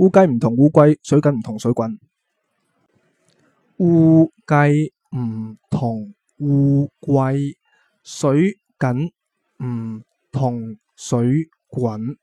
烏雞唔同烏龜，水緊唔同水滾。烏雞唔同烏龜，水緊唔同水滾。